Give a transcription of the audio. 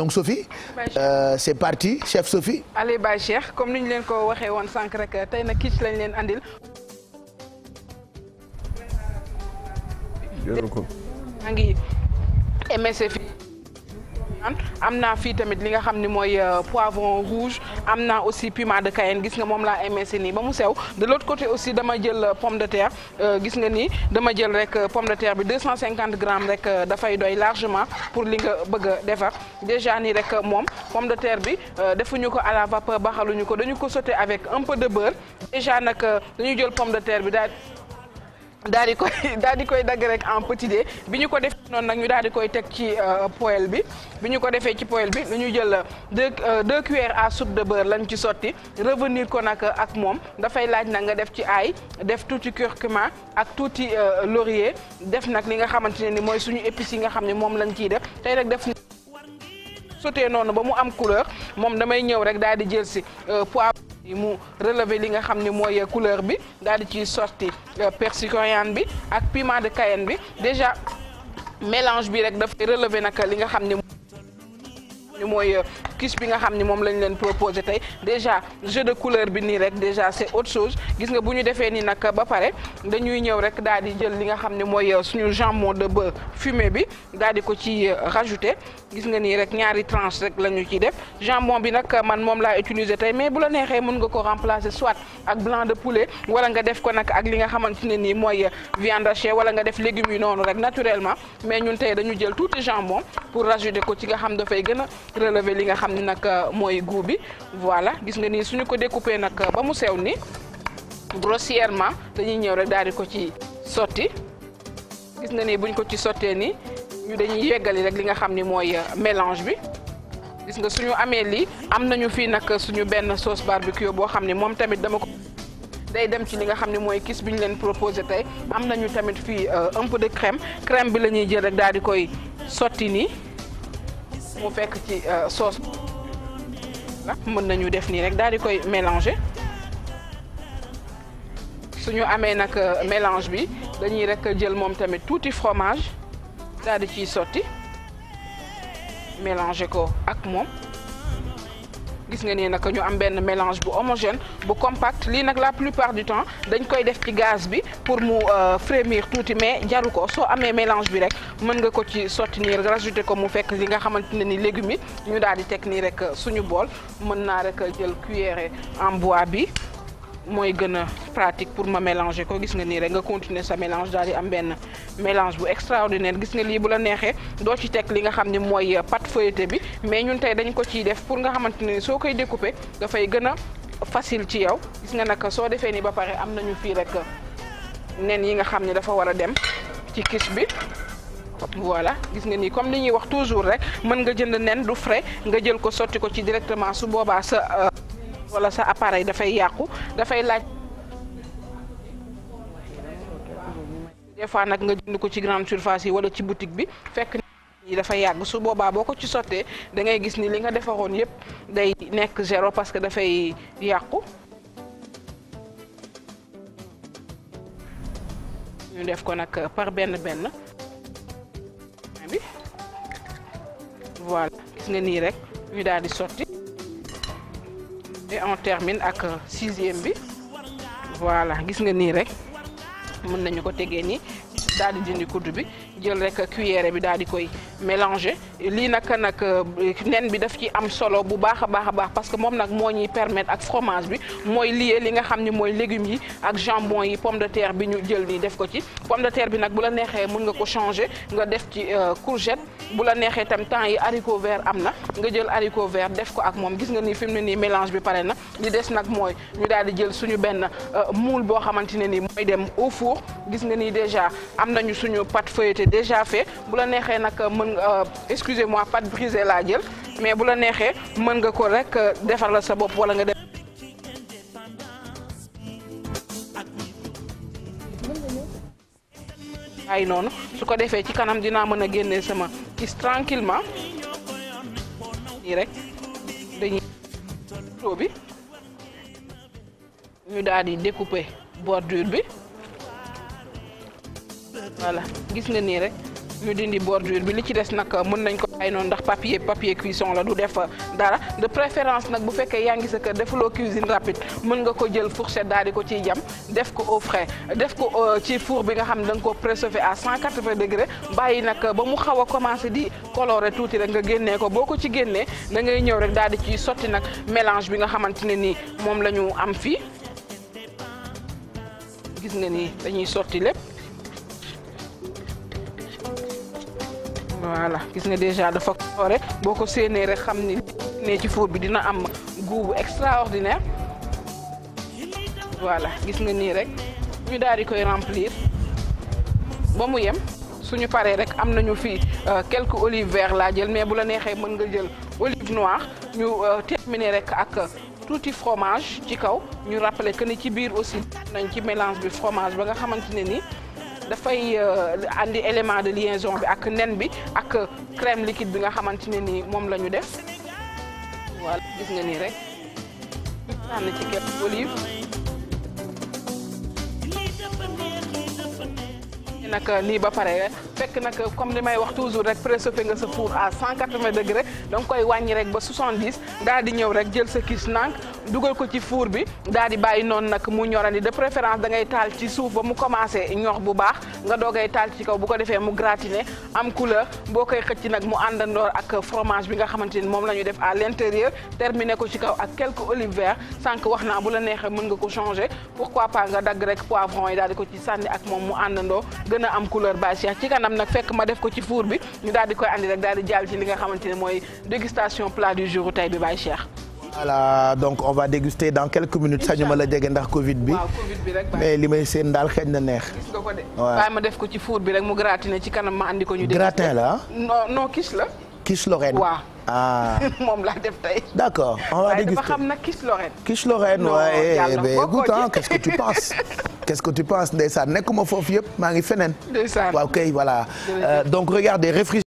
donc Sophie euh, c'est parti chef Sophie. allez Baye Cheikh comme ni ñu leen ko waxe woon sànq rek tey nag kii lañ leen andil. maa ngi MSF. am naa fii tamit li nga xam ni mooy euh, poivron rouge. am na aussi piment de Cayenne gis nga moom laa émincé nii ba mu sew de l'autre côté aussi dama jël euh, pomme de terre euh, gis nga nii dama jël rek euh, pomme de terre bi 250 grammes rek dafay doy largement pour li nga bëgg defar déjà nii rek moom pomme de terre bi defuñu ko à la vapeur baxaluñu ko dañu ko sauté avec un peu de beurre déjà nag dañu jël pomme de terre bi daal daal di koy daal di koy dagg rek en petit dé bi ñu ko defee noonu nag ñu daal di koy teg ci euh, poêle bi bi ñu ko defee ci poêle bi ñu jël euh, deux euh, deux cuillères à soupe de beurre lañ ci sotti revenir ko nag ak moom dafay laaj nag nga def ci ail def tuuti curcuma ak tuuti laurier def nag li nga xamante ne ni mooy suñu épices yi nga xam ni moom lañ ciy def tey rek def sauté noonu ba mu am couleur moom damay ñëw rek daal di jël si mu relever li nga xam ne mooy couleur bi daal di ciy sorti euh, persil bi ak piment de Cayenne bi déjà mélange bi rek dafay relever nag li nga xam ne ni mooy euh, quiche bi nga xam ni moom lañ leen proposé tey déjà jeu de couleur bi nii rek déjà c'est autre chose gis nga bu ñu defee nii nag ba pare dañuy ñëw rek daal di jël li nga xam ne mooy euh, suñu jambon de bœuf fumé bi daal di ko ci rajouté gis nga nii rek ñaari tranche rek la ci ciy def jambon bi nag man moom la utiliser tey mais bu la neexee mën nga ko remplacer soit ak blanc de poulet wala nga def ko nag ak li nga xamante ne nii mooy viande hachée wala nga def légumes yi noonu rek naturellement mais ñun tey dañu jël tuuti jambon pour rajouter ko ci nga xam dafay gën a relever li nga xam ni nag euh, mooy goût bi voilà gis nga nii ñu ko découper nag euh, ba mu sew ni grossièrement dañuy ñëw rek daal di ko ci sotti gis nga nii ko ci sottee nii ñu dañuy yeggali rek li nga xam ni mooy euh, mélange bi gis nga suñu amee lii am nañu fii nag suñu benn sauce barbecue boo xam ni moom tamit dama ko day dem ci li nga xam ne mooy kiis bi ñu leen proposé tey am nañu tamit fii euh, un peu de crème crème bi lañuy ñuy jël rek daal di koy sotti nii mu fekk ci euh, sauce la mën nañu def nii rek daal di koy mélangé suñu amee nag mélange bi dañuy rek jël moom tamit tuuti fromage daal di ciy sotti mélanger ko ak moom gis nga ni naka ñu am benn mélange bu homogène bu compact lii nag la plupart du temps dañ koy def ci gaz bi pour mu euh, frémir tuuti mais jaru ko soo amee mélange bi rek mën nga ko ci sotti nii rajouté ko mu fekk li nga xamante ne ni légumes yi ñu daal di teg nii rek euh, suñu bool mën naa rek jël cuillère en bi. mooy gën a pratique pour ma mélanger ko gis nga nii rek nga continuer sa mélange daal di am benn mélange bu extraordinaire gis nga lii bu la neexee doo ci teg li nga xam ne mooy pâte feuilletée bi mais ñun tey dañ ko ciy def nga xamante ne soo koy découper dafay gën a facile ci yow gis nga nag soo defee nii ba pare am na ñu fii rek nen yi nga xam ne dafa war a dem ci quiche bi voilà gis nga nii comme li ñuy wax toujours rek mën nga jënd nen du frais nga jël ko sotti ko ci directement su boobaa sa euh, wala sa appareil dafay yàqu dafay laaj. des fois nag nga jënd ko ci grande surface yi wala ci boutique bi fekk yi dafa yàgg su boobaa boo ko ci sottee da ngay gis ni li nga defaroon yépp day nekk zéro parce que dafay yàqu. ñu def ko nag par benn benn. voilà gis nga nii rek ñu daal di sotti. en on termine ak euh, sixième bi voilà gis nga nii rek mën nañu ko tegee nii daal di dindi kuddu bi jël rek cuillère bi daal di koy mélanger lii nag nag euh, nen bi daf ci am solo bu baax a baax a baax parce que moom nag moo ñuy permettre ak fromage bi mooy lié li nga xam ni mooy légumes yi ak jambon yi pomme de terre bi ñu jël nii def ko ci pomme de terre bi nag bu la neexee mën nga ko changer nga def ci euh, courgette bu la neexee tam temps yi haricot vert am na nga jël haricot vert def ko ak moom gis nga ni fi ne nii mélange bi pare na li des nag mooy ñu daal di jël suñu benn euh, moule boo xamante ne nii mooy dem au four gis nga ni déjà am nañu suñu pâte feuilletée déjà fait bu la neexee nag euh, mën nga euh, excusez-moi pâte brisée laa jël mais bu la neexee mën nga ko rek euh, defar la sa bopp wala nga def. ay noonu su ko defee ci kanam dinaa mën a génnee sama kis tranquillement nii rek bi ñu daal di découper bordure bi. voilà gis nga nii rek ñu dindi bordure bi li ci des nag mën nañ ko ay noonu ndax papier papier cuisson la du def euh, dara de préférence nag bu fekkee yaa ngi sa kër defuloo cuisine rapide mën nga ko jël fourchette daal di ko ciy jam def ko au frais def ko euh, ci four bi nga xam ne da nga ko préchauffé à 180 degrés bàyyi nag ba mu xaw a commencé di coloré tuuti rek nga génnee ko boo ko ci génnee da ngay ñëw rek daal di ciy sotti nag mélange bi nga xamante ne nii moom la ñu am fii nga nii dañuy voilà gis nga déjà dafa koore boo ko séenee rek xam ni ne ci fóot bi dina am goût bu extraordinaire voilà gis nga nii rek ñu daal di koy remplir ba mu yem suñu paree rek am nañu fii euh, quelques olives vertes laa jël mais bu la neexee mën nga jël olive noire ñu euh, terminer rek ak tuuti fromage ci kaw ñu rappeler que ni ci biir aussi nañ ci mélange bi fromage ba nga xamante ne ni. dafay euh, andi élément de liaison bi ak nen bi ak crème liquide bi nga xamante ne ni moom la ñu def voilà gis nga nii rek sànni nag nii ba pare fekk nag comme li may wax toujours rek préchauffé nga sa four à 180 degrés da nga koy wàññi rek ba 70 daal di ñëw rek jël sa kiis nànk dugal ko ci fuur bi daal di bàyyi noonu nag mu ñorandi de préférence da ngay taal ci suuf ba mu commencé ñox bu baax nga doogay taal ci kaw bu ko defee mu gratiné am couleur boo koy xëcc nag mu àndandoor ak fromage bi nga xamante ni moom la ñu def à l'intérieur terminé ko ci kaw ak quelques oliver vertes sànq wax naa bu la neexee mën nga ko changé pourquoi pas nga dagg rek poivron yi daal di ko ci sànni ak moom mu àndandoo gën a am couleur bàyyi Cheikh ci kanam nag fekk ma def ko ci four bi ñu daal di koy andi daal di jàll ci li nga xamante ne mooy dégustation plat du jour tey bi bàyyi Cheikh voilà donc on va déguster dans quelques minutes sañu ma la jege ndax Covid bi. mais li may seen daal xeeñ na neex. gis ma def ko ci four bi rek mu gratiné ci kanam ma andi ko ñu. gratin la non non quiche la. quiche lorraine waaw. ah moom laa def tey. d'accord on va déguster dafa xam nag quiche waaye écoute eh, ah que tu penses. quest que tu penses ndeysaan nekkuma foofu yëpp maa ngi feneen. ndeysaan waaw kay voilà. Euh, donc regardez